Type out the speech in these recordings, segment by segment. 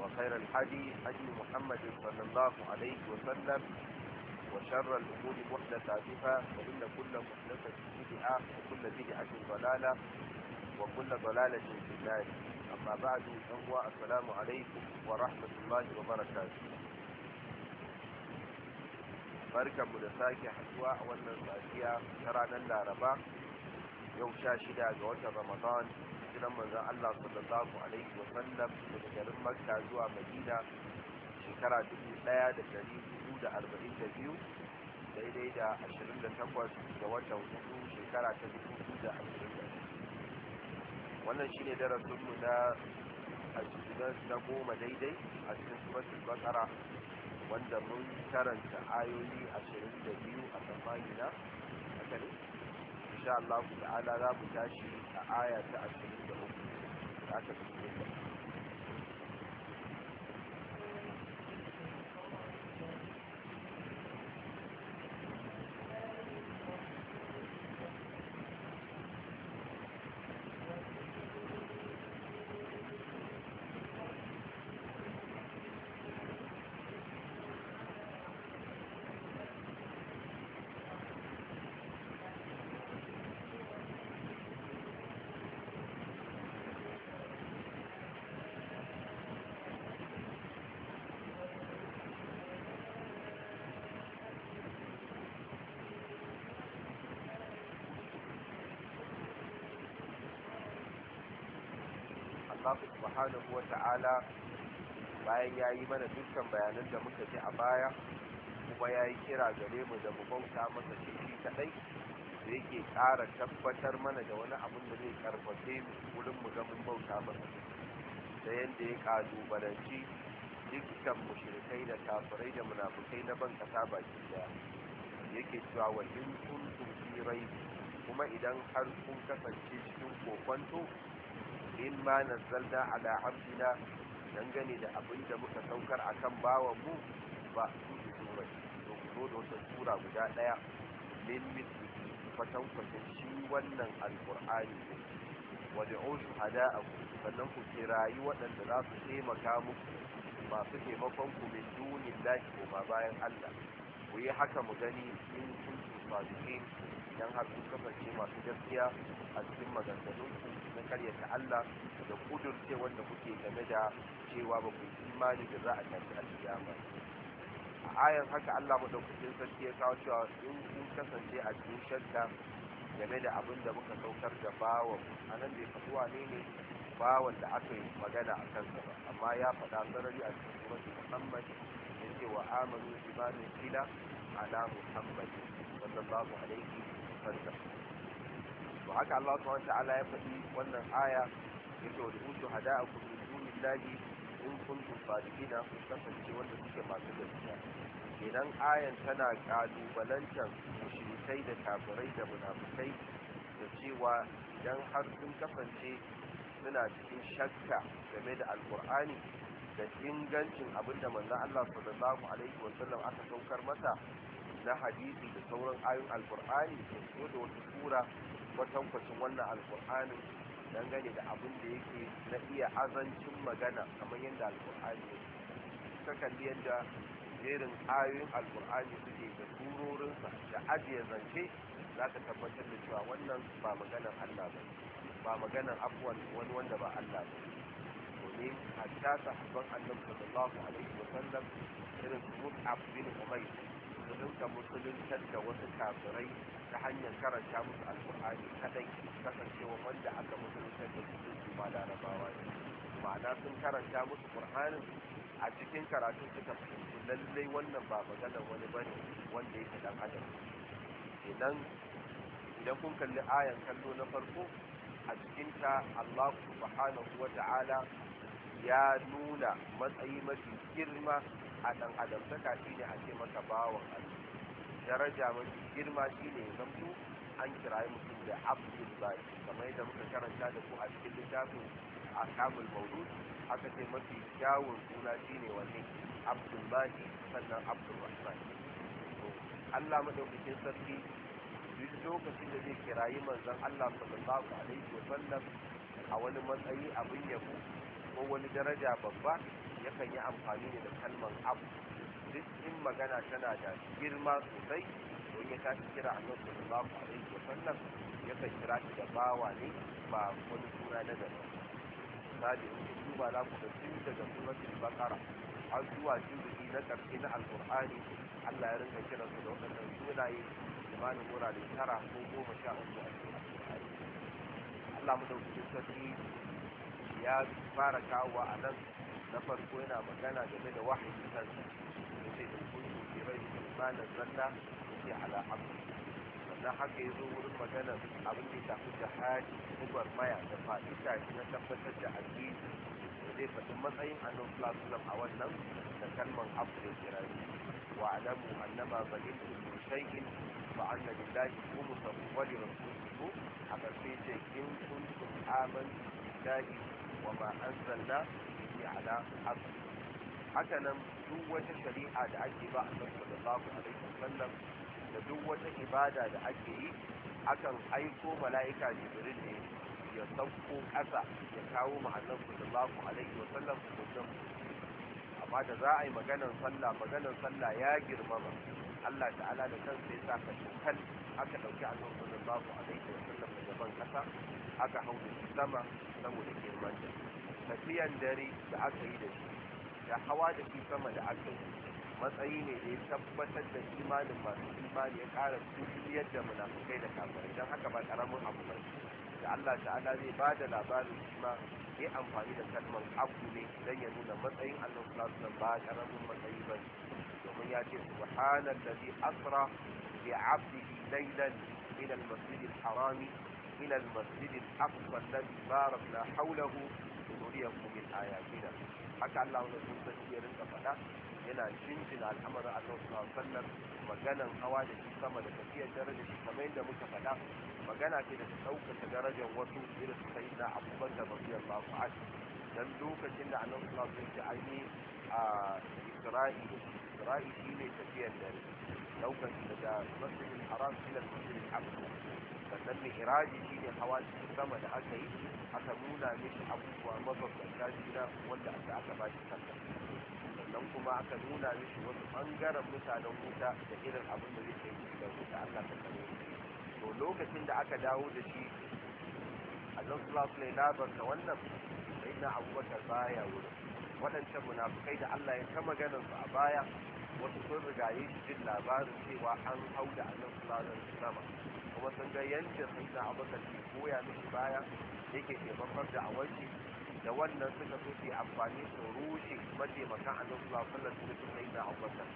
وخير الحدي حدي محمد صلى الله عليه وسلم وشر الأمور محدثاتها وإن كل محدثة بدعة وكل بدعة ضلالة وكل ضلالة في النار أما بعد فهو السلام عليكم ورحمة الله وبركاته barkan mu da sake haduwa a wannan safiya ta ranar laraba yau sha hijiran manzon Allah sallallahu alaihi wa sallam daga garin Makka zuwa Madina shekara 1442 daidai da 28 ga watan hudu shekara ta 2020 wannan shi shine darasinmu na na goma daidai a cikin suratul bakara wanda mun karanta ayoyi 22 a tsammani na haka ne insha Allah ta'ala za mu tashi a aya ta 23 za ta fito subhanahu wa ta'ala bayan ya yi mana dukkan bayanan da muka ji a baya kuma ya yi kira gare mu da mu bauta masa shi kaɗai da yake ƙara tabbatar mana da wani abin da zai karfafe mu wurin mu mun bauta masa da yadda ya ƙalubalanci dukkan mushrikai da kafirai da munafukai na ban kasa baki daya yake cewa wajen tuntun kuma idan har kun kasance cikin kokonto na zalda ala abdina dangane da abin da muka saukar kan kan mu ba su da turai to ku da wata tura guda daya min misli fatan kwatan shi wannan alqur'ani ne a kusa sannan ku kirayi waɗanda za su taimaka muku masu taimakon ku min dunin lafi ko ba bayan Allah ku yi haka mu gani in kuntum sadiqin idan har sun kasance masu gaskiya a cikin maganganunku na karyata Allah da kudurce wanda kuke game da cewa ba ku imani da za a tafi alkiyama a ayan haka Allah madaukakin sarki ya kawo cewa in kun kasance a cikin shakka game da abin da muka saukar da bawan a nan bai faɗi ne ne bawan da aka yi magana a kansa ba amma ya faɗa sarari a cikin suratu muhammad ya ce wa amanu imanin kila ala muhammad sallallahu alaihi fansa to haka Allah subhanahu ya faɗi wannan aya yake wa a kudin min dunillahi in kuntum sadiqina kun kasance wanda suke masu gaskiya idan ayan tana kalubalantar mushrikai da kafirai da munafukai da cewa idan har sun kasance suna cikin shakka game da alkur'ani da ingancin abinda manzon Allah sallallahu alaihi wasallam aka saukar masa na hadisi da sauran ayoyin alkur'ani da su da wata sura kwatankwacin wannan alkur'anin dangane da abin da yake na iya azancin magana kamar yadda alkur'ani ya ta kalli yadda jerin ayoyin alkur'ani suke da turorinsa da ajiye zance za ka tabbatar da cewa wannan ba maganar allah ba ba maganar abuwan wani wanda ba allah ba domin hatta sahabban annabi sallallahu alaihi wa sallam irin su mus'ab bin umayr suka musuluntar da wasu kafirai ta hanyar karanta musu alkur'ani kadai kasancewa wanda aka musuluntar da su su ba larabawa ne ma'ana sun karanta musu qur'anin a cikin karatun suka fahimci lallai wannan ba magana wani bane wanda yake dan adam idan idan kun kalli ayan kallo na farko a cikinta Allah subhanahu wa ta'ala ya nuna matsayi mafi girma a ɗan adam saka shi ne a ce masa bawan daraja mafi girma shi ne zamto an yi mutum da abdul bari kamar yadda muka karanta da ku a cikin littafin a kamul maulud aka ce mafi kyawun suna shi ne wanne abdul bari sannan abdul rahman Allah madaukakin sarki duk lokacin da zai kirayi manzan Allah sallallahu alaihi wa a wani matsayi abin yabo ko wani daraja babba yakan yi amfani ne da kalmar abu duk in magana tana da girma sosai don ya tashi kira annabi sallallahu alaihi wa sallam yakan kira shi da bawa ne ba wani suna na gaba misali in kun duba za ku ga tun daga suratul baqara har zuwa juzu'i na karshe na alqur'ani Allah ya rinka kiran su da sunaye limanin wurare tara ko goma sha uku a allah mu dauki sarki ya fara kawo a nan na farko yana magana game da wahayi kansa ya ce da kuntu bi rai ma nazzalna yake ala abdi sannan haka ya zo wurin magana abin da ya shafi jihadi gubar maya da faɗi shi na tabbatar da addini da zai faɗi matsayin annabi sallallahu a wannan da kalmar abu da kira wa alamu annama balintu min shay'in fa ko lillahi khumsahu wa li rasulihi a ƙarshe ce in kuntum amantu billahi wa ma anzalna ala haka nan duk wata shari'a da ake ba a kan sallallahu alaihi wasallam da duk wata ibada da ake yi akan aiko mala'ika jibril ne ya sauko ƙasa ya kawo mu annabi sallallahu alaihi wasallam mutum amma da za a yi maganar sallah maganar sallah ya girmama Allah ta'ala da kansa ya sa ka tokan aka dauki annabi sallallahu aka hau da sama saboda girman tafiyan dare da aka yi da shi da hawa da shi sama da aka yi matsayi ne da ya tabbatar da imanin masu imani ya ƙara kuliyar da munafukai da kafirai don haka ba ƙaramin abu ba da Allah ta'ala zai ba da labarin shi ma ya amfani da kalmar abu ne don ya nuna matsayin Allah sallallahu ba ƙaramin matsayi ba domin ya ce subhanallazi asra bi 'abdihi laylan min al-masjid al-haram ila al-masjid al-aqsa alladhi barakna hawlahu nuriyanku min ayatina haka Allah wanda sun san ya rinka faɗa yana jinjina al'amarin Allah su alaihi wasallam maganan hawa da shi sama da tafiyar daraja shi kamar yadda muka faɗa magana ce da ta ɗaukaka darajar wasu irin su sai na abubakar radiyallahu anhu dan lokacin da Allah su sallallahu alaihi wasallam ya yi a Isra'i Isra'i shine tafiyar dare ɗaukar daga masjidil haram ila masjidil aqsa sannan mihraji shi ne hawa cikin sama da aka yi aka nuna mishi abubuwa mabambanta juna wanda aka aka ba shi sannan kuma aka nuna mishi wasu bangaren mutanen wuta da irin abin da zai yi da wuta Allah ta kare to lokacin da aka dawo da shi Allah sallallahu alaihi wasallam wannan sai na abubakar baya wurin waɗancan munafukai da Allah ya ta maganar su a baya wasu sun rigaye shi jin labarin cewa an hau da annabi sallallahu sama kuma sun ga yanda sai da abubakar ke koya miki baya yake taimakon da a wanki da wannan suka so su amfani su rushe mataimakan annabi sallallahu alaihi wasallam da sai da abubakar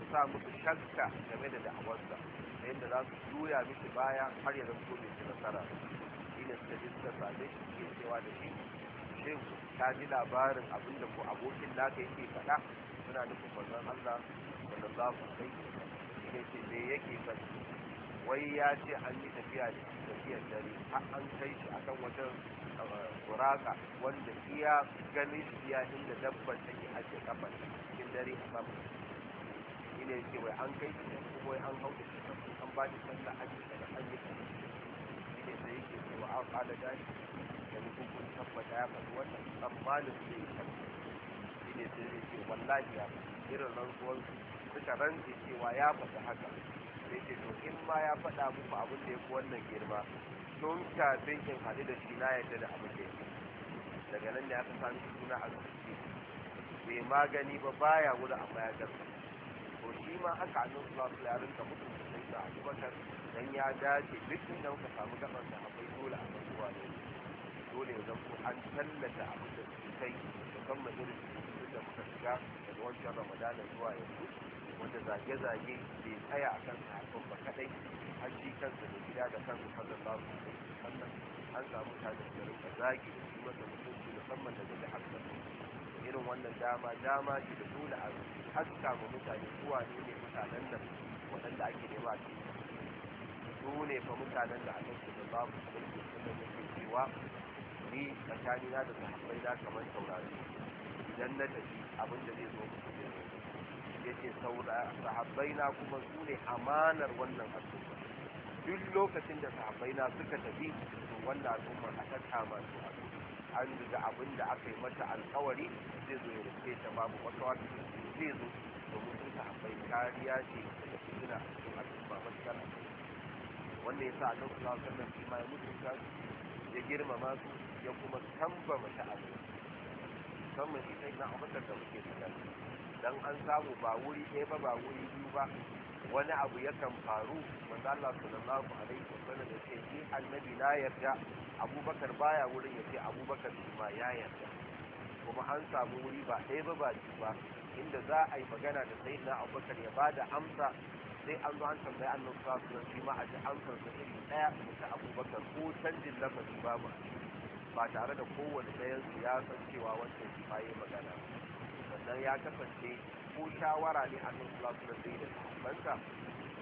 su sa musu shakka game da da'awarsa da yadda za su juya miki baya har ya zanto mai nasara shi ne suka je suka same shi ke cewa da shi shin ta ji labarin abin da ko abokin naka yake faɗa suna nufin manzon Allah ku alaihi wasallam yake me yake faɗi wai ya ce an yi tafiya da tafiyar dare har an kai shi akan wata eh, buraka wanda iya ganin shi ya inda dabbar take ajiye kafar cikin dare a sama ina ce wai an kai shi kuma an hau da shi an ba shi sallah ajiye da an yi tafiya ne sai yake cewa an kala gashi in kun tabbata ya faɗi wannan tsammanin zai tabbata shi ne sai zai ce wallahi ya faɗi irin rantsuwarsu suka rantse cewa ya faɗi haka sai ce to in ma ya faɗa muku abin da ya fi wannan girma tun kafin in haɗu da shi na yadda da abin da ya fi daga nan da aka sami suna a zuci bai magani ba baya gudu amma ya gasa to shi ma haka annan su zasu ya rinka mutum da sai da abubakar dan ya dace duk inda muka samu gaban da akwai dole a rantsuwa ne dole ya zama an tallata abu da suke kai musamman irin da muka shiga daga wancan ramadana zuwa yanzu wanda zage-zage bai tsaya a kan haifar ba kadai an shi kansa da gida da kansa sallallahu alaihi wasallam an samu tajar da rinka zage da kuma da mutunci musamman daga jihar irin wannan dama dama ce da dole a haska ma mutane zuwa ne ne mutanen nan waɗanda ake nema a cikin su ne fa mutanen da a kan su da annabi sallallahu alaihi wasallam yake cewa ni tsakani na da sahabbai na kamar taurari idan na tafi abin da zai zo mu ne ya ce sahabbai na kuma su ne amanar wannan al'umma duk lokacin da sahabbai na suka tafi to wannan al'umma a ta kama su a an da abin da aka yi mata alkawari zai zo ya rufe ta babu wata wata zai zo domin sun sahabbai kariya ce daga fitina a cikin al'umma matuƙar wanda ya sa a lokacin sallallahu alaihi wasallam shi ma ya mutunta su ya girmama su ya kuma kamba mata abu musamman ita ina abubakar da muke sanar dan an samu ba wuri ɗaya ba ba wuri biyu ba wani abu yakan faru manzo Allah sallallahu alaihi wasallam da ce ni annabi na yarda abubakar baya wurin ya ce abubakar ma ya yarda kuma an samu wuri ba ɗaya ba ba biyu ba inda za a yi magana da sayyidina abubakar ya bada amsa sai an zo an tambaya annabi sallallahu alaihi wasallam shi ma a ji amsar sa iri ɗaya da abubakar ko canjin lafazi babu a ba tare da kowane bayan ya san cewa wancan shi yi magana sannan ya kasance ko shawara ne a nan da zai da sahabbansa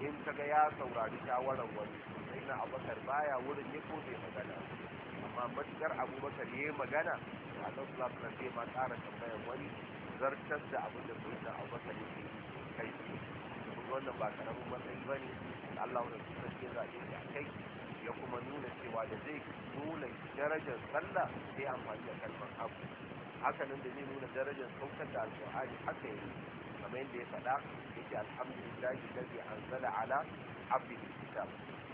in ta ga ya saurari shawarar wani sai na abubakar baya wurin ya ko magana amma matukar abubakar ya yi magana a nan da zai ma tsara tambayar wani zartar da abin da sai da abubakar ya ke kai wannan ba karamin matsayi ba ne Allah wani kusa ce zaɓe da kai kuma nuna cewa da zai nuna darajar sallah sai amfani da kalmar abu haka nan da zai nuna darajar saukar da alƙur'ani haka yi kamar yadda ya faɗa yake alhamdulillahi alladhi anzala ala abdihi kitab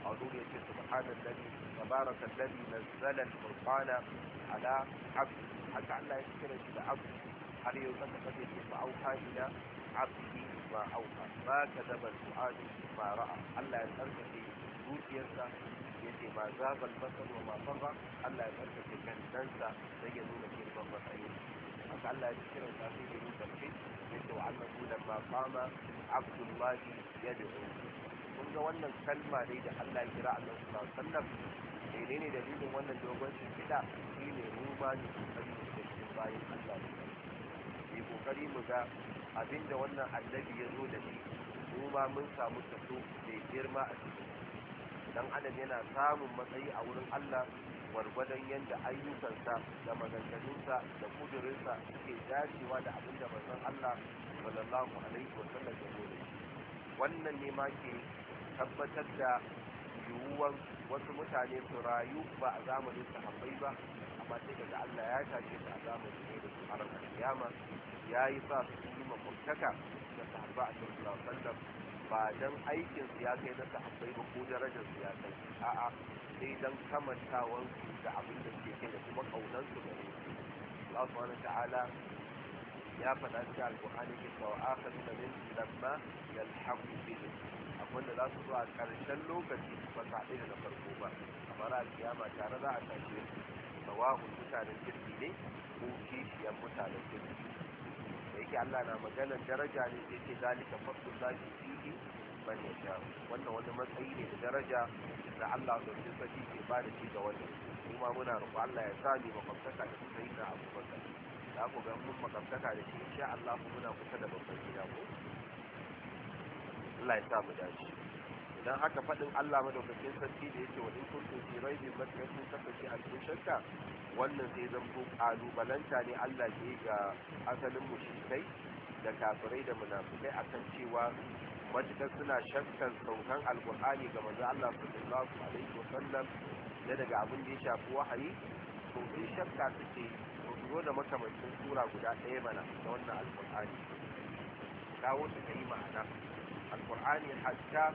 a wani yace subhanallahi tabaraka alladhi nazzala alqur'ana ala abdi haka Allah ya kira shi da abdi har yau zaka kace shi fa auka ila abdihi ma auka ma kadaba alqur'ani ma ra'a Allah ya tsarkake zuciyarsa ce ma zagal basar wa mafan ba Allah ya tsarkake kan dansa da ya nuna girman matsayin haka Allah ya kiran sa sai da nuna ce ya ce wa annahu lamma qama abdullahi yad'u kun ga wannan kalma ne da Allah ya kira Allah sallallahu alaihi wasallam menene dalilin wannan dogon shimfiɗa shi ne mu ba ni kokari da cikin bayan Allah ne kokari mu ga abinda wannan annabi ya zo da shi mu ma mun samu kaso mai girma a cikin dan adam yana samun matsayi a wurin Allah gwargwadon yadda ayyukansa da maganganunsa da kudurinsa suke dacewa da abin da manzon Allah sallallahu alaihi wa sallam ya wannan ne ma ke tabbatar da yiwuwar wasu mutane su rayu ba a zamanin sahabbai ba amma sai daga Allah ya tashi su a zamanin ne da su harar kiyama ya yi sa su yi makwabtaka da sahabba a sallallahu alaihi wa ba don aikin su ya kai na sahabbai ba ko darajar su ya kai a'a sai don kamantawan su da abin da suke kai da kuma kaunar su gare su Allah subhanahu ta'ala ya faɗa cikin alƙur'ani ke cewa akhir da min lamma yalhaqu bihi akwai da za su zo a ƙarshen lokaci ba sa da na farko ba kamar a kiyama tare za a tashi su mutanen jirgi ne ko kishiyar mutanen jirgi. yake Allah na maganar daraja ne sai ce zalika fadlullahi fihi man yasha wannan wani matsayi ne da daraja da Allah da shi saki ke ba da shi ga wani. kuma muna roƙo Allah ya sa mu makamtaka da sai na abu abubakar da ku ga mun makamtaka da shi insha Allah muna kusa da babban gida ko Allah ya sa mu dace dan haka faɗin Allah madaukakin sarki da yake wa in kuntum fi raibin matkar sun kasance a cikin shakka wannan sai alu kalubalanta ne Allah ke ga asalin mushrikai da kafirai da munafikai akan cewa matukar suna shakkan saukan alkur'ani ga manzo Allah sallallahu alaihi wasallam da daga abin da ya shafi wahayi to shakka suke zo da makamancin sura guda ɗaya bana da wannan alkur'ani kawo su kai ma'ana alkur'ani hatta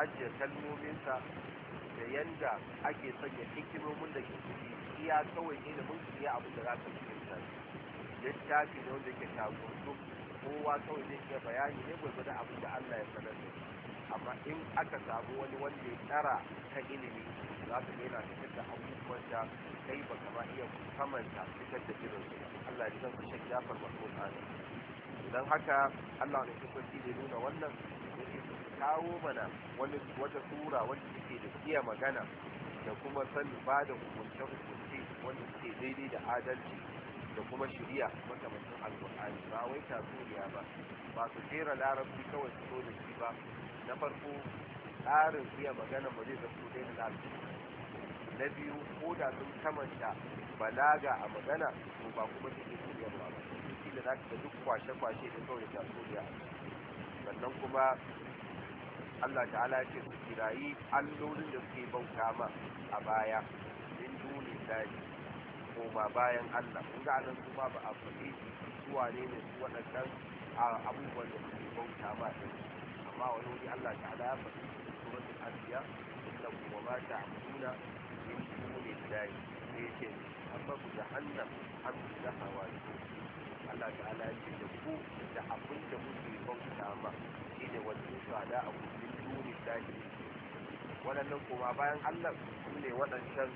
ajiye kalmominsa da yanda ake sanya hikimomin da ke ciki iya kawai mun su iya abin da za ka cikin da littafi ne wanda yake tagunsu kowa kawai zai ke bayani ne gwargwada abin da Allah ya sanar da amma in aka samu wani wanda ya tsara ta ilimi za ka yana fitar da abubuwan da kai ba kama iya kamanta fitar da irin su Allah ya zan ka shan jafar mahmud adam don haka Allah ne ya kwanci da nuna wannan kawo mana wani wata sura wanda take da iya magana da kuma san ba da hukunce hukunce wanda suke daidai da adalci da kuma shari'a makamancin alkur'ani ba wai tatsuniya ba ba su jera larabci kawai su so da shi ba na farko tsarin iya magana ba zai zato daina larabci na biyu ko da sun kamanta balaga a magana to ba kuma take suriya ba ba su da za ka duk kwashe-kwashe da kawai tatsuniya sannan kuma Allah ta'ala ce su kirayi allolin da suke bauta ma a baya min duni ko koma bayan Allah kun ga nan su ba ba a faɗi su wane ne su waɗannan abubuwan da suke bauta ma din amma wani wuri Allah ta'ala ya faɗi su suratul anbiya لكم وما ma من دون الله dai أما ce amma لها jahannam الله تعالى zahawa Allah ta'ala ya ce da إذا da على أبو من دون الله ولا wannan shada a kullin duni dai waɗannan kuma bayan Allah su ne waɗancan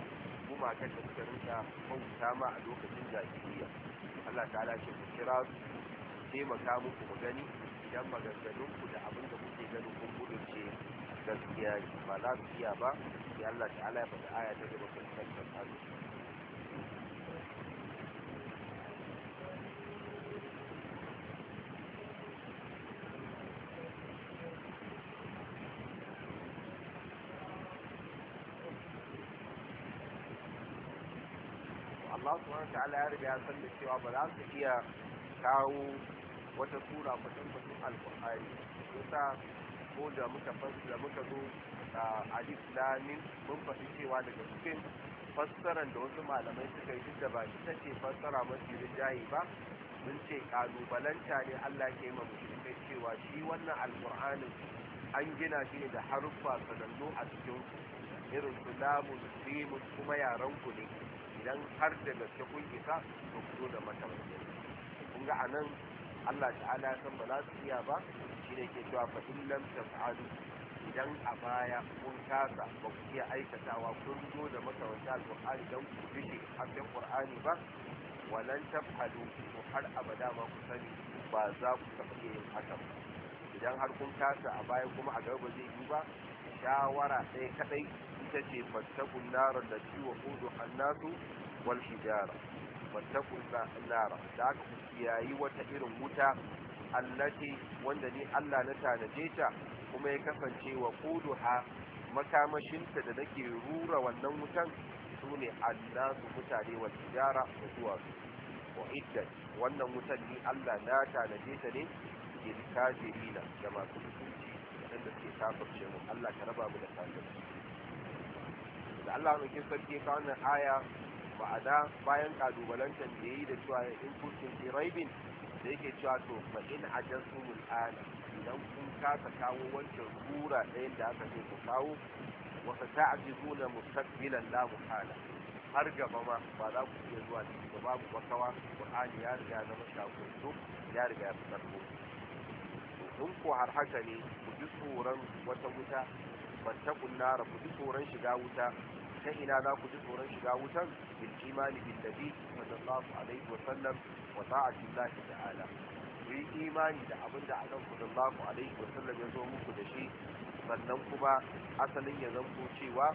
gumakan da suka rinka ma a lokacin jahiliya Allah ku kira su gani idan maganganunku da abin da kuke ganin kun ce. gaskiya shi ba za su iya ba Ya Allah ta'ala ya faɗi aya ta gaba kun tantar Allah wani ta'ala ya riga ya san da cewa ba za su iya kawo wata tura sura kwatankwacin alƙur'ani yasa ko da muka da muka zo a alislamin mun faɗi cewa daga cikin fassarar da wasu malamai suka yi da ba ita ce fassara mafi rinjaye ba mun ce kalubalanta ne Allah ke ma mushrikai cewa shi wannan alkur'anin an gina shi ne da haruffa sanannu a cikin irin su lamu simun kuma yaran ku ne idan har da gaske kun isa to ku zo da matawalle kun ga anan Allah ta'ala ya san ba za su iya ba shi ne ke cewa fa in lam taf'alu idan a baya kun kasa ba ku iya aikatawa kun zo da makaranta alqur'ani dan ku bishe hasken qur'ani ba walan taf'alu ko har abada ba ku sani ba za ku taɓa iya yin haka ba idan har kun kasa a baya kuma a gaba zai yi ba shawara ɗaya kaɗai ita ce fattakun narar da ciwo hudu hannasu wal hijara fattakun nara da aka kiyayi wata irin wuta allati wanda ni Allah na tanaje ta kuma ya kasance wa kuduha makamashinta da nake rura wannan wutan su ne annasu mutane wa tijara da zuwa wa iddat wannan wutan ni Allah na tanaje ta ne lil kafirina da masu mutunci da suke kafirce mu Allah ka raba mu da kafirci da Allah mai kin sarki ka wannan aya ma'ana bayan kadubalantan da yayi da cewa in kuntum fi raibin da yake cewa to fa in ajasumul ana idan kun kasa kawo wancan rura ɗayan da aka ce ku kawo wa fa ta'jibuna mustaqbilan la muhala har gaba ma ba za ku iya zuwa ciki ba babu kawa qur'ani ya riga ya zama shakuntu ya riga ya fitar ku ko har haka ne ku ji tsoron wata wuta ban ta kunna ku ji tsoron shiga wuta ta ina za ku ji tsoron shiga wutan bil imani bin nabi sallallahu alaihi wa sallam wa ta'ati Allah ta'ala ku yi imani da abin da Allah sallallahu alaihi wa sallam ya zo muku da shi sannan kuma asalin ya zanto cewa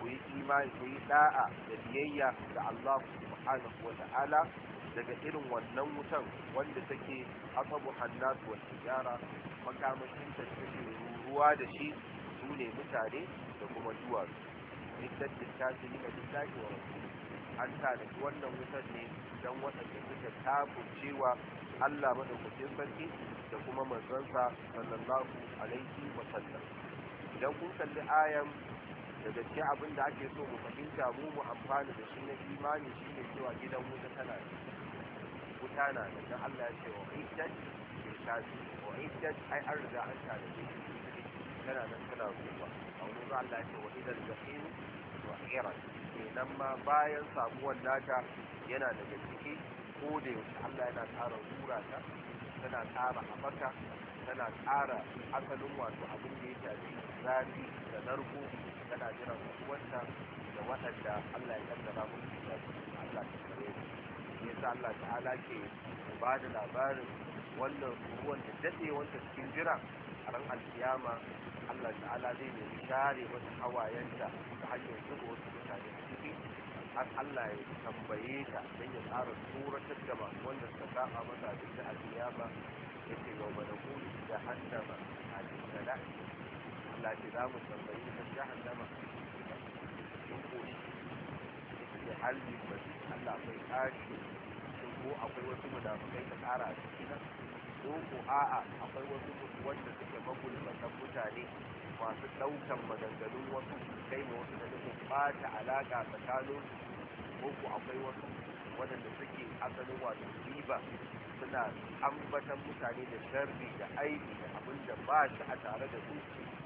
ku yi imani ku yi da'a da biyayya da Allah subhanahu wa ta'ala daga irin wannan wutan wanda take asabu hannas wal tijara makamashin ta take ruwa da shi su ne mutane da kuma duwatsu iddat littafin da lillahi wa rasuli an tanadi wannan wutar ne don waɗanda suka takurce wa Allah madaukakin sarki da kuma manzansa sallallahu alaihi wa sallam idan kun kalli ayan da gaske abin da ake so mu fahimta mu mu amfana da shi na imani shi ne cewa gidan wuta tana wuta na da dan Allah ya ce wa ke iddat littafin wa iddat ai an riga an tanadi tana nan tana zuwa. manzo Allah ya ce wa idal jahim wa'irat kenan ma bayan samuwar nata yana daga ciki ko da yaushe Allah yana tsara zura ta tana tsara haɓaka tana tsara asalin wato abin da ya shafi zafi da narko tana jira wata da waɗanda Allah ya kaddara musu da Allah ta kare su yasa Allah ta'ala ke ba da labarin wannan ruwan da daɗe wanda cikin jira a ran alkiyama Allah ta'ala zai ne share wasu hawayenta da hanyar zuba wasu mutane ciki har Allah ya tambaye ta don ya tsara tura da gaba wanda suka saba masa duk da ba. ya ce yau ba da kuli da ba a da Allah ce za mu tambaye ta jahannama sun koli da halin masu Allah bai tashi sun ko akwai wasu munafukai ta kara a cikin nan ko ko a'a akwai wasu wanda suke magulmatan mutane masu ɗaukan maganganun wasu kai ma wasu da nufin ɓata alaƙa tsakanin ko akwai wasu waɗanda suke asalin wato riba suna ambatan mutane da sharri da aiki da abin da ba shi a tare da su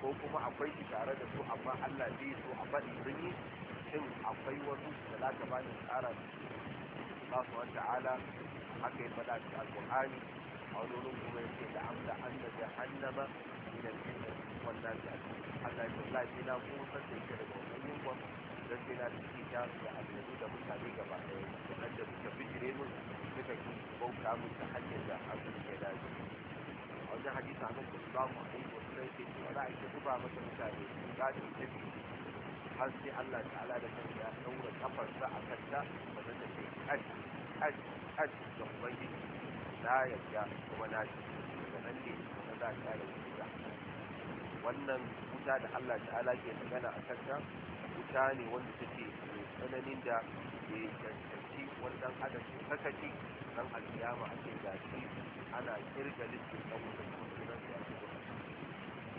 ko kuma akwai shi tare da su amma Allah zai so a faɗi sun yi shin akwai wasu da za ka bani tsara Allah subhanahu wa ta'ala haka yi faɗa al alƙur'ani a wani wurin kuma yake da amda anna jahannama min al wannan wan nar Allah ya wallahi sai na kuma kusan da yake daga wannan yunwa dan sai na cike ta da annabi da mutane gaba ɗaya wannan da suka bijire mun suka ki bauta mun ta hanyar da abin ya dace a wajen hadisi a nan sallallahu alaihi wa sallam yake cewa za wani ake zuba masa mutane ba da tafi har sai Allah ta'ala da kansa ya daura kafarsa a kanta ba ta ce kai kai kai da ubangiji na yarda kuma na shi da nan ne kuma za ta yi wuta wannan wuta da Allah ta'ala ke gana a kanta wuta ne wanda take mai tsananin da ya cancanci wannan adam ke sakaci dan alkiyama a ce da shi ana kirga listin dan wuta ko sunan da ake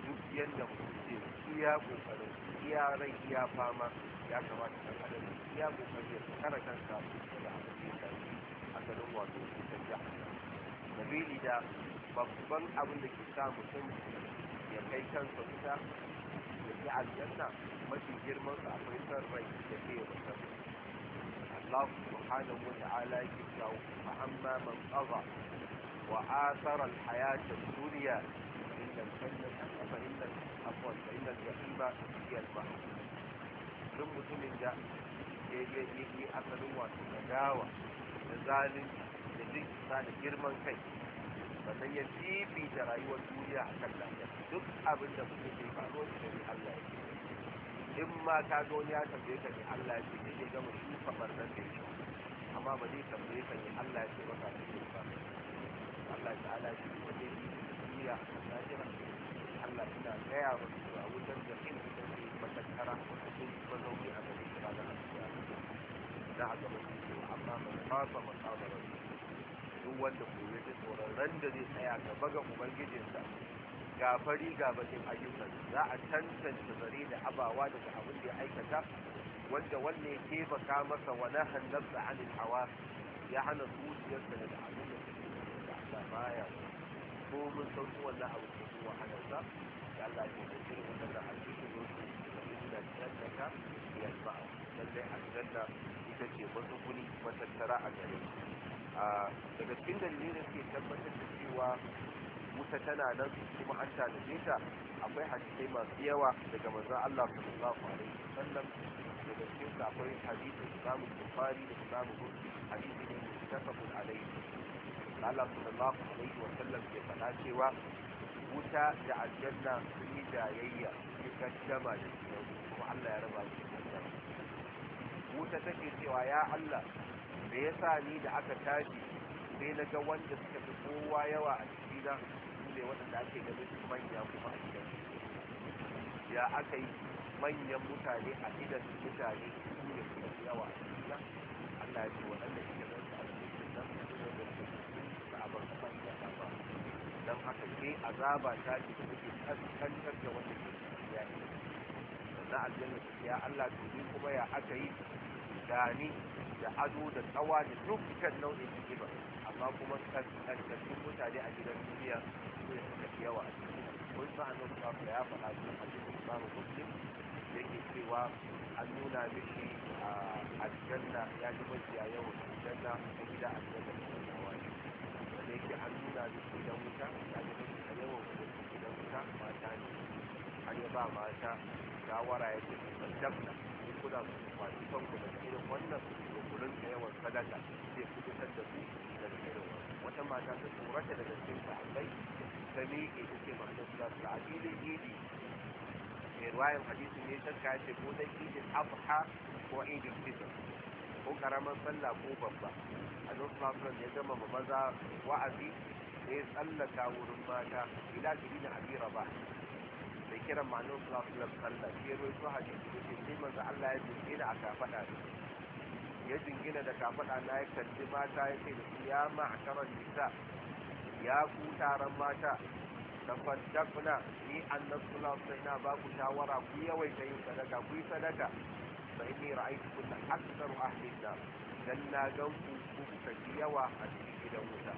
duk yadda mutum ce iya kokarin iya rai iya fama ya kamata a adam iya kokarin ya kare kansa daga abin da ya shafi asalin wato a jahannama sabili da babban abin da ke sa mutum ya kai kansa wuta ya ji aljanna mafi girman sa akwai son rai da ke yi mutum Allah subhanahu wa ta'ala yake cewa fa amma man tsara wa athara al-hayat ad-dunya illa al-jannata fa inna afwan fa inna al-jahima hiya al-mahsud duk mutumin da ya yi asalin wato nadawa da zalunci da zikisa da girman kai ba sai ya da rayuwar duniya a kan lafiya duk abin da mutum ke faruwa da ne Allah ya ce in ma ka zo ya tambaye ka ne Allah ya ce ne ne gama shi kamar nan da shi amma ba zai tambaye ka ne Allah ya ce ba ka ce ba Allah ta ala shi ba zai yi duniya a kan lafiya Allah ina gaya wa a wutar da kin da ke matattara a cikin mazauni a kan shi ba da lafiya da haka mutum amma su fasa ba wanda koyo da tsoron da zai tsaya gaba ga ubangijinsa ga fari ga bakin ayyukan za a tantance zare da abawa daga abin da ya aikata wanda wanne ke baka masa wa nahan nafsa anil hawa ya hana zuciyarsa daga abin da take da Allah baya ko mun sauki wannan abu ko zuwa hadarsa da Allah ya yi irin wannan hadisi ne da inda ya ba lalle aljanna ita ce matsuguni matattara a gare shi daga cikin dalilin da ke tabbatar da cewa musa tana nan kuma an tanaje ta akwai hadisai masu yawa daga manzon Allah sallallahu alaihi wasallam daga cikin sa akwai da Imam Bukhari da Imam Muslim hadisi ne da mutafaqun alaihi Allah sallallahu alaihi wasallam ya faɗa cewa wuta da aljanna sun yi jayayya sun gaddama da kuma Allah ya raba su wuta take cewa ya Allah da ya sa ni da aka tashi sai na ga wanda suka fi kowa yawa a cikina su ne waɗanda ake ganin su manya kuma a gidan ya aka yi manyan mutane a gidan mutane su ne suka yawa a cikina allah ya ce waɗanda suka zan su a cikin nan da su da su da a da manya ta ba don haka ke azaba ta ce da suke kankantar da wanda ke ya yi na aljanna ya allah domin kuma ya aka yi dani da ado da tsawa da dukkan nau'in hikima amma kuma kankantattun mutane a gidan duniya su ne suka fi yawa a cikin kun sa annabi sallallahu ya faɗa a cikin hadisin Imam Muslim da ke cewa an nuna mishi a aljanna ya ji majiya a aljanna a gida aljanna da tsawa ne da yake an nuna mishi gidan wuta ya ji majiya yawan gidan wuta mata ne har ya ba mata shawara ya ce ban dabna kuna masu kanku da irin wannan da da yawan sadaka zai fitar da ku daga irin wata mata ta tsorata daga cikin sahabbai ta miƙe ta ce ma'anar su a filin idi mai ruwayan hadisi ne ta kashe ko dan idin abha ko idin fitr ko karamar sallah ko babba a don sufafran ya gama ma maza wa'azi da ya tsallaka wurin mata ila gidi na abira ba kiran ma'anin sulasulam sallah ya roƙo hadisi da ke ce manzo Allah ya jingina a kafaɗa ne ya jingina da kafada na ya kalli mata ya ce da ya ma'akarar nisa ya ku taron mata da tafaddafna ni annabi sallallahu alaihi wasallam ba ku shawara ku yawaita yin sadaka ku yi sadaka fa inni ra'aytu kunna aktsaru ahli an-nar dan na ga ku ku yawa a cikin gidan wuta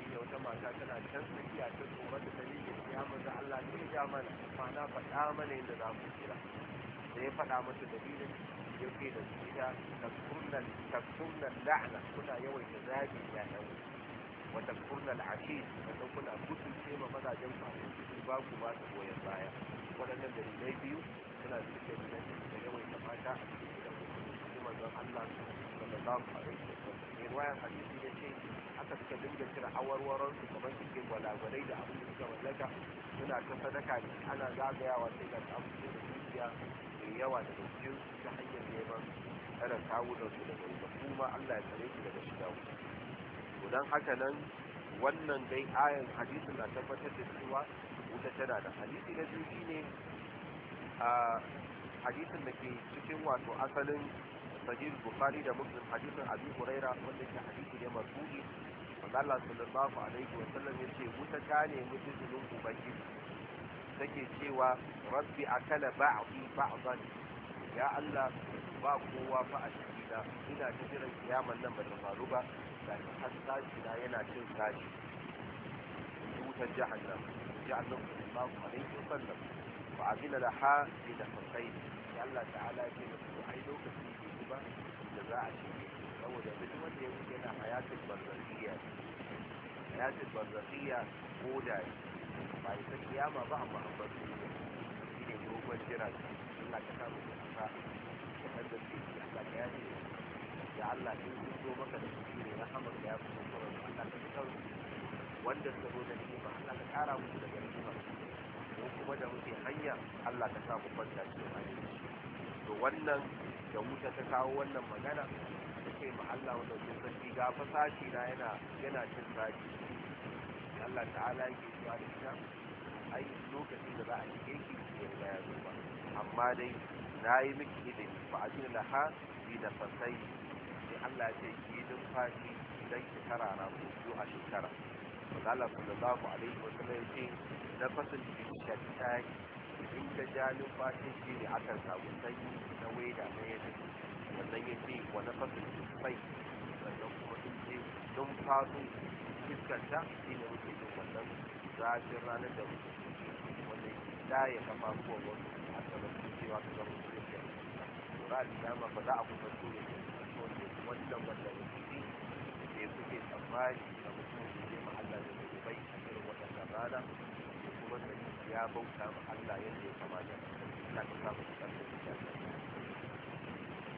ita wata mata tana can tsakiya ta tsoron da ta yi ya maza Allah ne ja mana faɗa mana yadda za mu tsira da ya faɗa mata dalilin ya kai da tsira takfurna la'ana kuna yawaita zagi ya ɗauki wa takfurna al'ashir sannan kuna gudun ma mazajen kwanan su ba ku ba su goyon baya waɗannan dalilai biyu suna cikin da yawaita mata a cikin gidan kuma Allah sallallahu alaihi wasallam mai ruwayan hadisi ya ce haka dinga cire awarwaron su kamar su ke da abin da suka suna ta sadaka ne ana zagayawa sai ga samun da dukiya mai yawa da cikin ta hanyar neman irin kawunan su daga wuta kuma Allah ya tsare su daga shiga wuta to dan haka nan wannan dai ayan hadisin na tabbatar da cewa wuta tana da hadisi na biyu ne a ah, da ke cikin wato asalin sahih bukhari da muslim hadisin abi huraira wanda ke hadisi ne marfu'i wanda Allah sallallahu alaihi wa sallam yace wuta ta ne mutuzulun ubangiji take cewa rabbi akala ba'di ba'dan ya Allah ba kowa fa a cikina ina ta jiran kiyaman nan ba ta faru ba ga ta hasa na yana cin sashi wutar jahannam jahannam sallallahu alaihi wa sallam fa azina laha bi nafsain Allah ta'ala ya ce ai lokacin ba da za a ci saboda duk wanda ya wuce na hayatin barzakiya hayatin barzakiya ko da ba ita kiyama ba amma an bar duniya shi ne dogon jira Allah ka samu da kusa da hannun da ke Allah ka yaje da Allah in sun zo maka da kuɗi ne na hamar da ya fi kuma Allah ka kawo wanda suka zo da shi ba Allah ka kara musu da garkuwa ko kuma da muke hanya Allah ka samu kwanta cikin hanyar to wannan da wuta ta kawo wannan magana ta ce mahalla Allah wanda ke sarki ga fasashi na yana yana cin zafi. Allah ta'ala yake zuwa da ita ai lokacin da za a shige shi ne da ya zo ba amma dai na yi miki izini ba a jin laha bi da fasai sai Allah ya ce ki yi numfashi dan ki karara ko biyu a shekara. Allah sallallahu alaihi wa sallam ya ce na fasin ta shattaki in ta ja numfashin shi ne akan samu sanyi na weda na yanayi sannan ya ce wani fasin bai sannan kuma in ce numfashin iskanta shi ne muke yin wannan zafin ranar da muke wanda ya ya kafa kuwa wani a sanar da cewa ta zama su ne kyan lura da dama ba za a kusa su ne wannan wanda ya fi ne suke tsammani a mutum da ke mahalla da bai a cikin irin waɗannan kuma da kuma ya bauta ma Allah yadda ya kamata ina ka samu karfin zuciya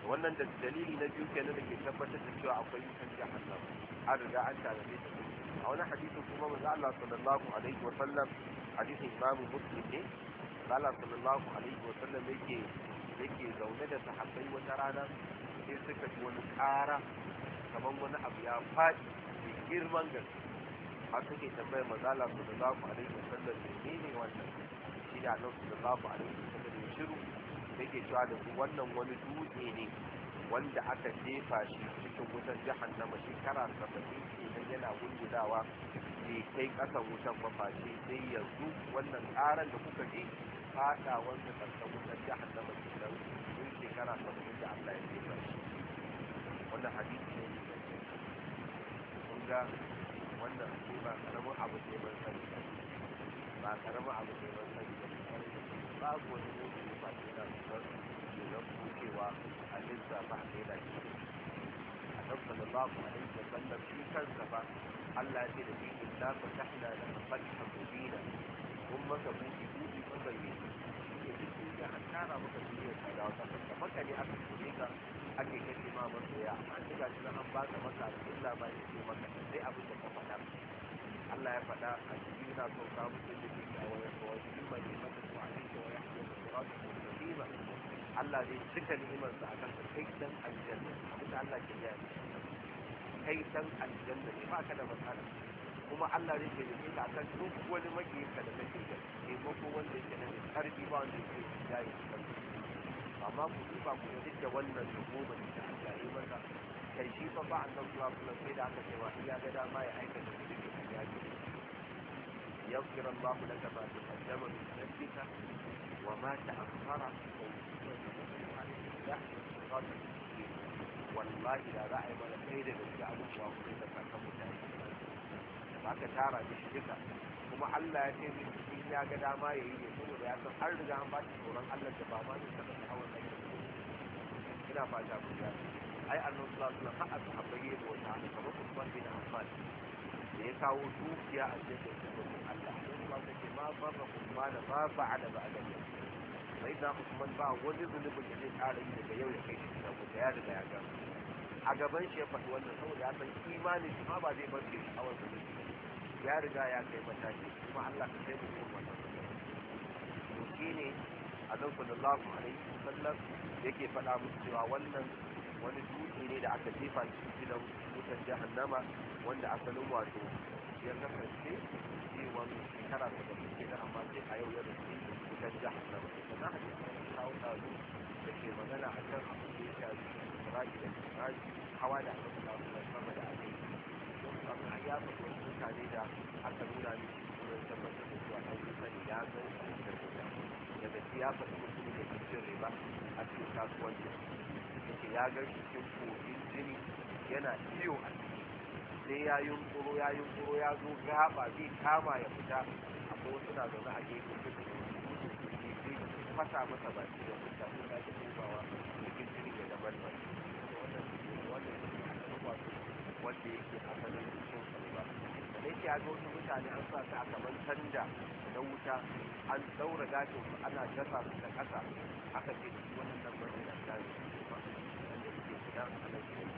wannan da dalili na biyu kenan da ke tabbatar da cewa akwai yukan jahannam an riga an da shi a wani hadisin kuma manzo Allah sallallahu alaihi wa sallam hadisin Imam Muslim ne Allah sallallahu alaihi wa sallam yake yake zaune da sahabbai wata rana sai suka ji wani ƙara kamar wani abu ya faɗi mai girman gaske har suke tambayar mazala su da zafi a rikin sallar ne ne wannan shi da nan su da zafi a rikin sallar da shiru da ke cewa da wannan wani dutse ne wanda aka jefa shi cikin wutar jahannama shekara saba'in kenan yana gudunawa ne kai ƙasan wutar mafashe sai yanzu wannan ƙaran da kuka ji fada wanda ƙasan wutar jahannama kenan sun shekara saba'in da Allah ya jefa shi wannan hadisi ne kun ga wannan shi ba karamin abu ne ban sani ba karamin abu ne ban sani ba babu wani lokaci ba ce na zubar ke zan kucewa a lissa ba a kai da shi a nan sallallahu alaihi wa sallam shi kansa ba Allah ce da shi illa fa tahna la fatha mubina kun maka buɗi buɗi kun bayyana shi ke duk da an tara maka duniyar ka da wata maka ne aka kure ka ake kashe ma masoya an ji gashi da an baka maka cikin labari ke maka sai abin da ka faɗa Allah ya faɗa a cikin so ka mutum da ke kawo wani kawai yin ba ne mata su a cikin da wani hanyar da ba su kuma nima Allah zai cika ni'imarsa a kanka kai dan aljanna abin da Allah ke gaya kai dan aljanna ne ba ka da matsala kuma Allah zai ke jiki ka kan duk wani ka da kake da taimako wanda yake da karfi ba wanda yake da jayi amma ku duba ku duk da wannan tuhumar da aka yi masa kai shi fa ba annabi sallallahu kuma sai da aka ce wa iya ga dama ya aikata duk da ya wa yaghfir Allah laka ma taqaddama min dhanbika wa ma ta'akhkhara wallahi da za a yi mana kai da gaske abubuwa kuma da sakamako da aka tara da shi duka kuma Allah ya ce min shi ya ga dama ya yi ne saboda ya san har riga an ba shi tsoron Allah da ba ma zai saka shi hawan ɗaya ina fata ku ya ai annabi sallallahu alaihi wasallam ha'a sahabbai da wata hana kamar Usman bin Affan da ya kawo dukiya a cikin sabon Allah don ba ta kuma ma farra Usman ba ba'ada ne sai da kuma ba wani zulubin da zai ƙara yi daga yau ya kai shi da ya daga ya ga a gaban shi ya faɗi wannan saboda ya san imanin shi ma ba zai bar shi a wannan ya riga ya kai mataki kuma Allah ka kai mutum wannan to shi ne annabi sallallahu alaihi wasallam yake faɗa musu cewa wannan wani dutse ne da aka jefa shi cikin wutar jahannama wanda asalin wato ya kasance cewa shekara ta da suke da amma sai a yau ya rufe wutar jahannama da na hadisi kawo tsaro da ke magana a kan abin da ya shafi ragi da ragi hawa da aka fi sama da ake yi don samun ya fi mutane da aka nuna ne wurin tabbatar da cewa ɗan sani ya san fahimtar da daga siyasa da mutum da ke cin riba a cikin kasuwanci ke ya gan cikin kogin jini yana iyo a ciki sai ya tsoro ya tsoro ya zo gaba zai kama ya fita akwai wasu na zaune a gefe suka fasa masa baki da kusa ko da ke dubawa cikin jini ya daban-daban wannan wannan wato wanda yake asalin cikin ba da yake ya ga mutane an sa su aka ban canja da wuta an daura gashin su ana jasa su da ƙasa aka ce su wannan nan ba da tsari ba wanda yake shiga asalin cikin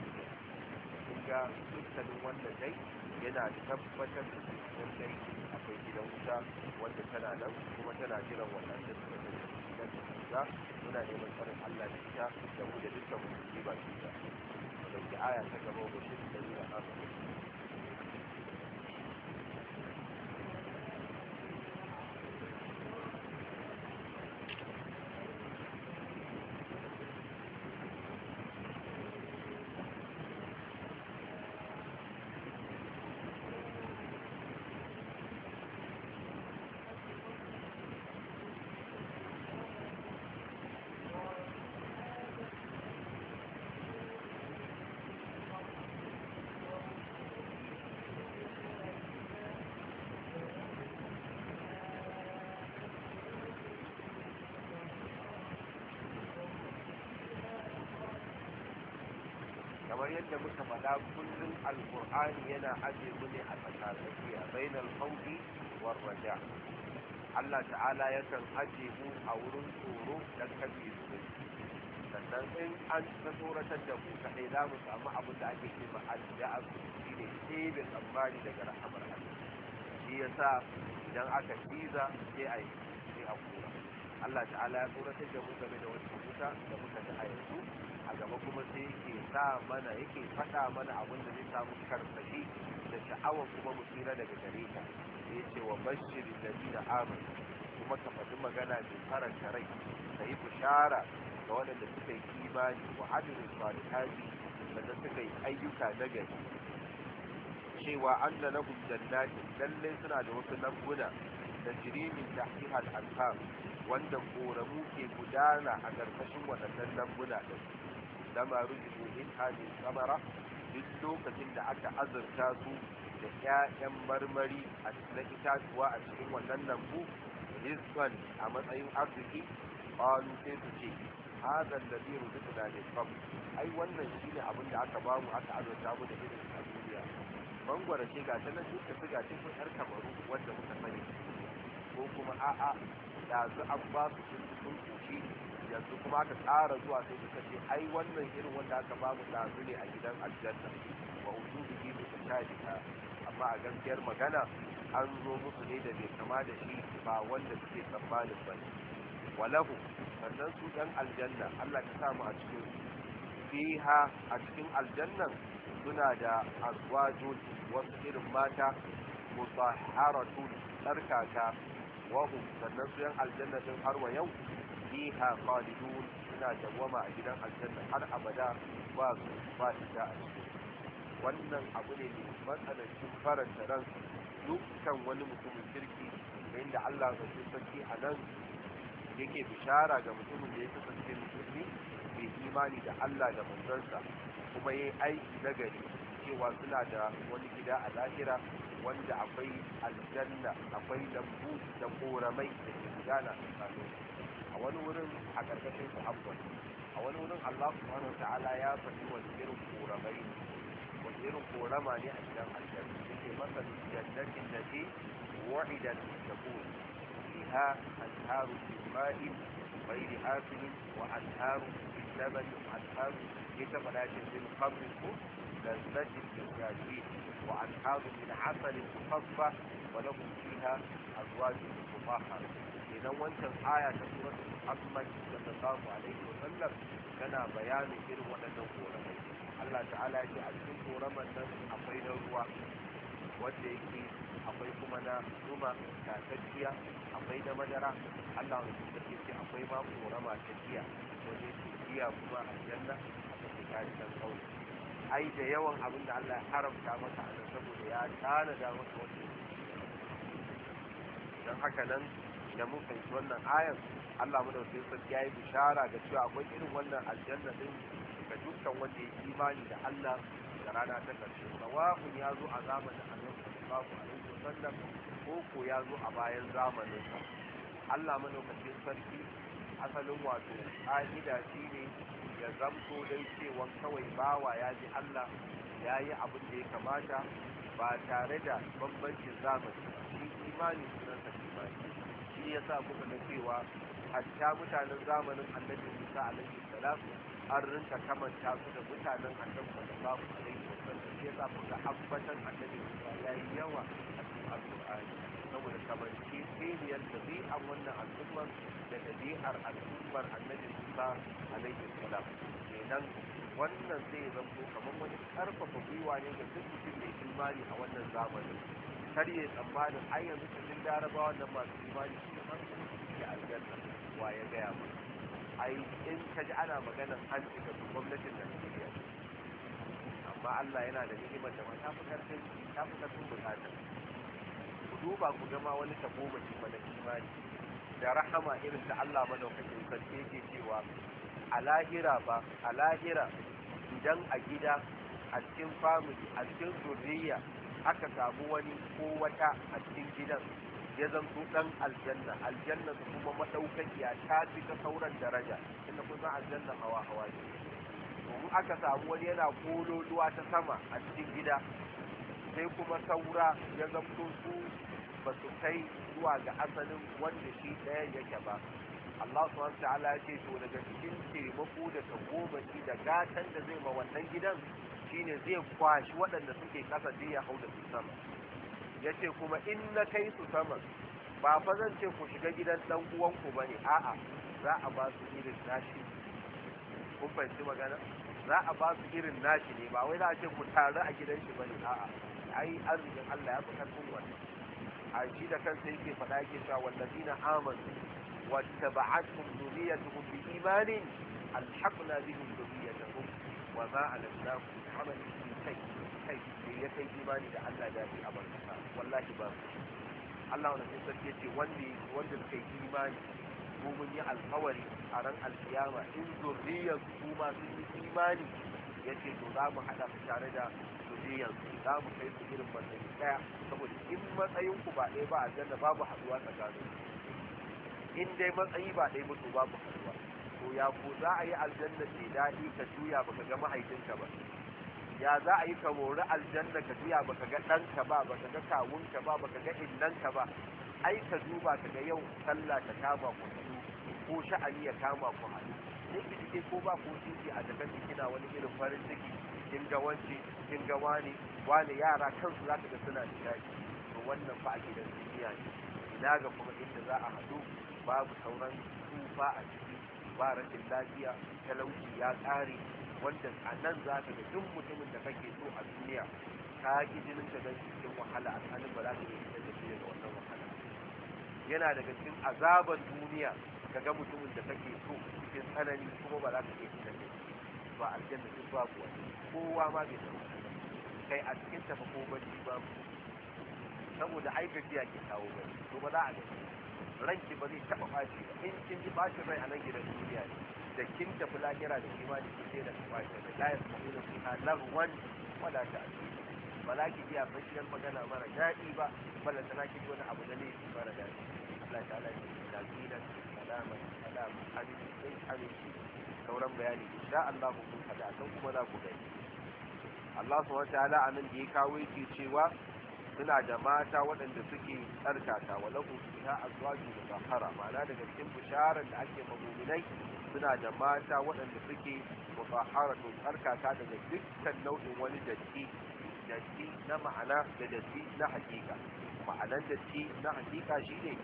kun ga dukkanin wanda dai yana tabbatar da cikin dai akwai gidan wuta wanda tana nan kuma tana jiran wannan da suka da da muna neman tsarin Allah da ita da mu da dukkan musulmi ba su aya ta gaba da shi da kamar yadda muka faɗa kullum alkur'ani yana aje mu ne a tsakatsaki a bainal khawfi war raja Allah ta'ala yakan aje mu a wurin tsoro dan kabi su sannan in an ta tsoratar da mu kaɗai za mu samu abin da ake ce ma a shi ne ɗebe tsammani daga rahamar Allah shi sa idan aka ɗiza, sai a yi sai a kura Allah ta'ala ya tsoratar da mu game da wata wuta da muka ji a yanzu a gaba kuma sai yake sa mana yake faɗa mana abin da zai samu karfashi da sha'awar kuma mu tsira daga gare ta ya ce wa bashir da amanu kuma ka faɗi magana mai faranta rai ka yi bishara ga waɗanda suka yi imani wa hadirin salihati wanda suka yi ayyuka na gari cewa an da lahum jannati lallai suna da wasu lambuna da jirimin tahtiha al-anhar wanda koramu ke gudana a ƙarƙashin waɗannan lambuna da lama rujibu min hajin samara duk lokacin da aka azurta su da 'ya'yan marmari a na itatuwa a cikin wannan lambu rizqan a matsayin arziki qalu sai su ce da zai rufe tunanin fam. ai wannan shine abin da aka bamu aka azurta mu da irin a duniya bangwara ce ga ta nan duk da su ga cikin kamaru wanda muka sani ko kuma a'a dazu an ba su sun kuci yanzu kuma aka tsara zuwa sai suka ce ai wannan irin wanda aka ba mu ne a gidan aljanna wa uzu da gibi ta sha amma a gaskiyar magana an zo musu ne da bai kama da shi ba wanda suke tsammanin ba ne walahu sannan su ɗan aljanna allah ka samu a cikin fiha a cikin aljannan suna da azwajun wasu irin mata mutahharatun tsarkaka wahum sannan su yan aljanna din har wa yau fiha khalidun suna dawwama a gidan aljanna har abada ba su ba ita a cikin wannan abu ne mai matsanancin faranta ran dukkan wani mutumin kirki yayin da Allah ya sarki a nan yake bishara ga mutumin da ya kasance musulmi mai imani da Allah da manzansa kuma yayi aiki nagari cewa suna da wani gida a lahira wanda akwai aljanna akwai lambu da koramai da ke gudana a tsakanin a wani wurin a ƙarƙashin su abuwan a wani wurin Allah subhanahu wa ta'ala ya faɗi wani irin koramai wani irin korama ne a cikin aljanna yake masa jannatin da ke wa'ida da taqul fiha anharu min ma'in غير آكل وأنهار باللبن وأنهار كيف فلا تنزل قبركم لذة للكافرين وأصحاب من عسل مصفى ولهم فيها أزواج مطهرة idan wancan aya ta sura Muhammad sallallahu alaihi wa sallam kana bayani irin wadannan koramai Allah ta'ala ya ce a cikin koraman nan akwai na ruwa wanda yake akwai kuma na ruma ta tajiya akwai na madara Allah ya ce take akwai ma korama tajiya wanda yake iya kuma aljanna a cikin tarihin kauye ai da yawan abin da Allah ya haramta masa a saboda ya da masa wani don haka nan da mun fahimci wannan ayan Allah mu da wasu ya yi bishara ga cewa akwai irin wannan aljanna din ga dukkan wanda ya imani da Allah da rana ta karshe sawa'un ya zo a zamanin annabi sallallahu alaihi wasallam ko ko ya zo a bayan zamanin sa Allah da madaukakin sarki asalin wato ƙa'ida shi ne ya zamto don cewa kawai bawa ya ji Allah ya yi abin da ya kamata ba tare da bambancin zamani ba shi imani sunansa imani shi ya sa kuka na cewa hatta mutanen zamanin annabi musa alaihi salam an rinka kamanta su da mutanen annabi sallallahu alaihi da shi ya sa kuka ambatan annabi musa ya yi yawa a cikin alƙur'ani saboda kamanci filiyar ɗabi'an wannan al'ummar da ɗabi'ar al'ummar annabi musa alaihi salam kenan wannan zai zanto kamar wani karfafa gwiwa ne ga duk mutum mai imani a wannan zamani kar ya tsammanin ai yanzu cikin larabawa nan masu imani su an suke aljanna wa ya gaya ma ai in ka ji ana maganar an shiga gwamnatin najeriya amma allah yana da ni'imar da ma ta fi karfin bukata ku duba ku ma wani tabo ba na imani da rahama irin ta Allah madaukakin sarki yake cewa a lahira ba a idan a gida a cikin family a cikin zurriya aka samu wani ko wata a cikin gidan ya zanto dan aljanna aljanna su kuma madaukakiya ta fi ta sauran daraja inda za aljanna hawa hawa ne domin aka samu wani yana kololuwa ta sama a cikin gida sai kuma saura ya zamto su ba su kai zuwa ga asalin wanda shi ɗaya yake ba Allah wasu ta'ala ya ce to daga cikin taimako da tagomashi da gatan da zai ma wannan gidan shine zai kwashi waɗanda suke kasa da ya hau da su sama ya ce kuma in na kai su sama ba fa zan ce ku shiga gidan ɗan uwanku ba ne a'a za a ba su irin nashi kun fahimci magana za a ba su irin nashi ne ba wai za a ce ku taru a gidan shi ba ne a'a ai arzikin Allah ya fi karfin wannan a shi da kansa yake faɗa yake cewa wallazina amanu wattaba'atuhum dhurriyyatuhum bi imanin alhaqna bihim dhurriyyatuhum wa ma alamnahum min amalin kai kai ya kai imani da Allah da ya abarka wallahi ba Allah wanda sai sarki yace wanda wanda suka yi imani ko mun yi alfawari a ran alfiyama. in zurriyar su ma sun yi imani yace to za mu haɗa tare da shirya su za mu kai su irin matsayi daya saboda in matsayin ku ba ɗaya ba a janna babu haɗuwa tsakanin in dai matsayi ba ɗaya mutu babu haɗuwa to ya ku za a yi aljanna ce daɗi ka juya baka ga mahaifinka ba ya za a yi ka mori aljanna ka juya baka ga ɗanka ba baka ga kawunka ba baka ga innanka ba ai ka duba ka ga yau sallah ta kama ku ko sha'ani ya kama ku haɗu ne ko ba ko titi a daga kina wani irin farin ciki kin ga wance kin ga wani wani yara kansu za ka ga suna nishaɗi to wannan fa a gidan duniya ne ina ga kuma inda za a haɗu babu sauran tufa a ciki ba rashin lafiya talauci ya ƙare wanda a nan za ka ga duk mutumin da kake so a duniya ka ki jinin ka dan cikin wahala a tsanin ba za ka yi da ga wannan wahala yana daga cikin azaban duniya ka ga mutumin da kake so cikin tsanani kuma ba za ka yi da ba aljanna duk babu wani kowa ma bai san kai a cikin ta ko bacci babu saboda ai gajiya ke kawo bari to ba za a gani ranki ba zai taba bashi ba in kin ji bashi rai a nan gidan duniya ne da kin tafi kira da imani ki sai da bashi rai la yasma'una fiha lagwan wala ta'dila ba za ki iya bashiyar magana mara daɗi ba balla tana ki wani abu na laifi mara daɗi Allah da sauran bayani insha Allah kun kada kan kuma za ku gani Allah subhanahu wataala a da ya kawo yake cewa suna da mata waɗanda suke tsarkaka wa lahu fiha azwajun mutahhara ma'ana daga cikin bisharar da ake muminai suna da mata waɗanda suke mutahhara to tsarkaka daga dukkan nau'in wani datti datti na ma'ana da datti na haƙiƙa. ma'anan datti na haƙiƙa shine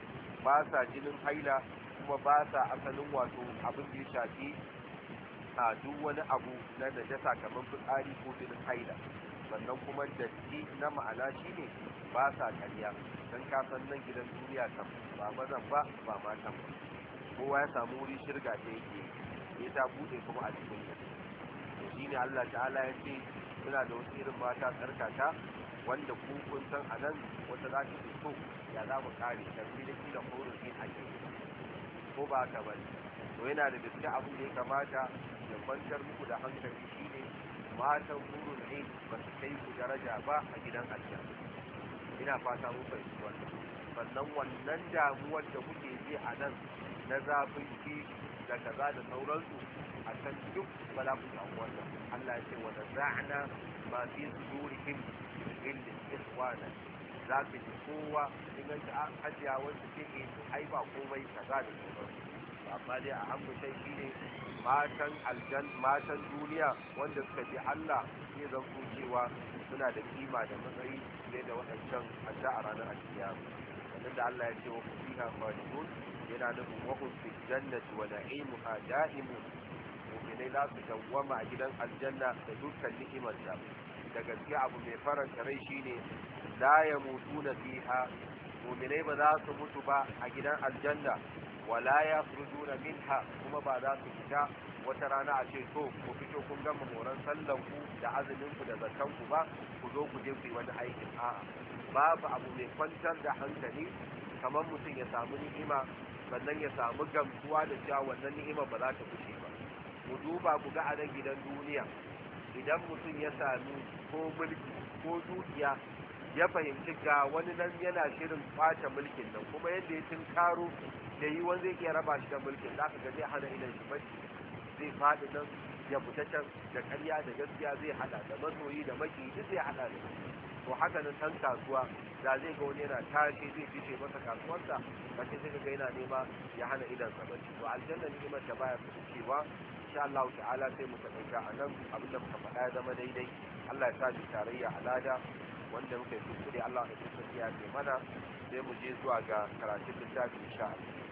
ba sa jinin haila kuma ba sa asalin wato abin da ya shafi a duk wani abu na najasa kamar fitsari ko jinin haida, sannan kuma datti na ma'ana shi ne, ba sa karya. don kasan nan gidan duniya kan ba mazan ba ba matan ba kowa ya samu wuri shirga ta yake ya ta bude kuma a cikin ta to ne Allah ta'ala ya ce suna da wasu irin mata tsarkaka wanda ku kun san a nan wata za ta so ya za mu kare fi da da horon ne ko ba ka bari? to yana da gaske abin da ya kamata ya kwantar muku da hankali shi ne matan burin ne ba su kai ku daraja ba a gidan aljanna ina fata mu fahimci wannan sannan wannan damuwar da kuke ji a nan na zafin ki da kaza da sauransu a kan duk ba za ku Allah ya ce wa da za'ana ba fi sudurihim illin ikhwana za ka ji kowa in ga ta wanda ke ai ba komai kaza da sauransu amma dai a hamdu shai ne matan aljan matan duniya wanda suka bi Allah sai zan cewa suna da kima da matsayi fiye da waɗancan adda a ranar alkiyama sannan da Allah ya ce wa fiha khalidun yana nufin wa hum fil jannati wa na'imuha da'imu mu'minai za su dawwama a gidan aljanna da dukkan ni'imarta da gaske abu mai faranta rai shine la yamutuna fiha mu'minai ba za su mutu ba a gidan aljanna wala ya min minha kuma ba za su fita wata rana a ce to ku fito kun gama moran sallan ku da azumin ku da zakkan ku ba ku zo ku je ku yi wani aikin a'a babu abu mai kwantar da hankali kamar mutum ya samu ni'ima sannan ya samu gamsuwa da cewa wannan ni'ima ba za ta kushe ba ku duba ku ga a gidan duniya idan mutum ya sami ko mulki ko dukiya ya fahimci ga wani nan yana shirin kwace mulkin nan kuma yadda ya tinkaro da yi wani raba shi da mulkin za ka ga zai hana idan shi bacci zai faɗi nan ya fita can da karya da gaskiya zai hada da masoyi da maki duk zai hada da to haka nan san kasuwa da zai ga wani yana tashi zai fice masa kasuwarsa ba sai ga yana nema ya hana idan sa bacci to aljanna ni'imar ta baya su cewa insha Allah ta'ala sai mu tabbata a nan abinda muka faɗa ya zama daidai Allah ya sa mu tarayya alada wanda muka yi kuskure Allah ya kuskure ya mana sai mu je zuwa ga karatun littafi insha Allah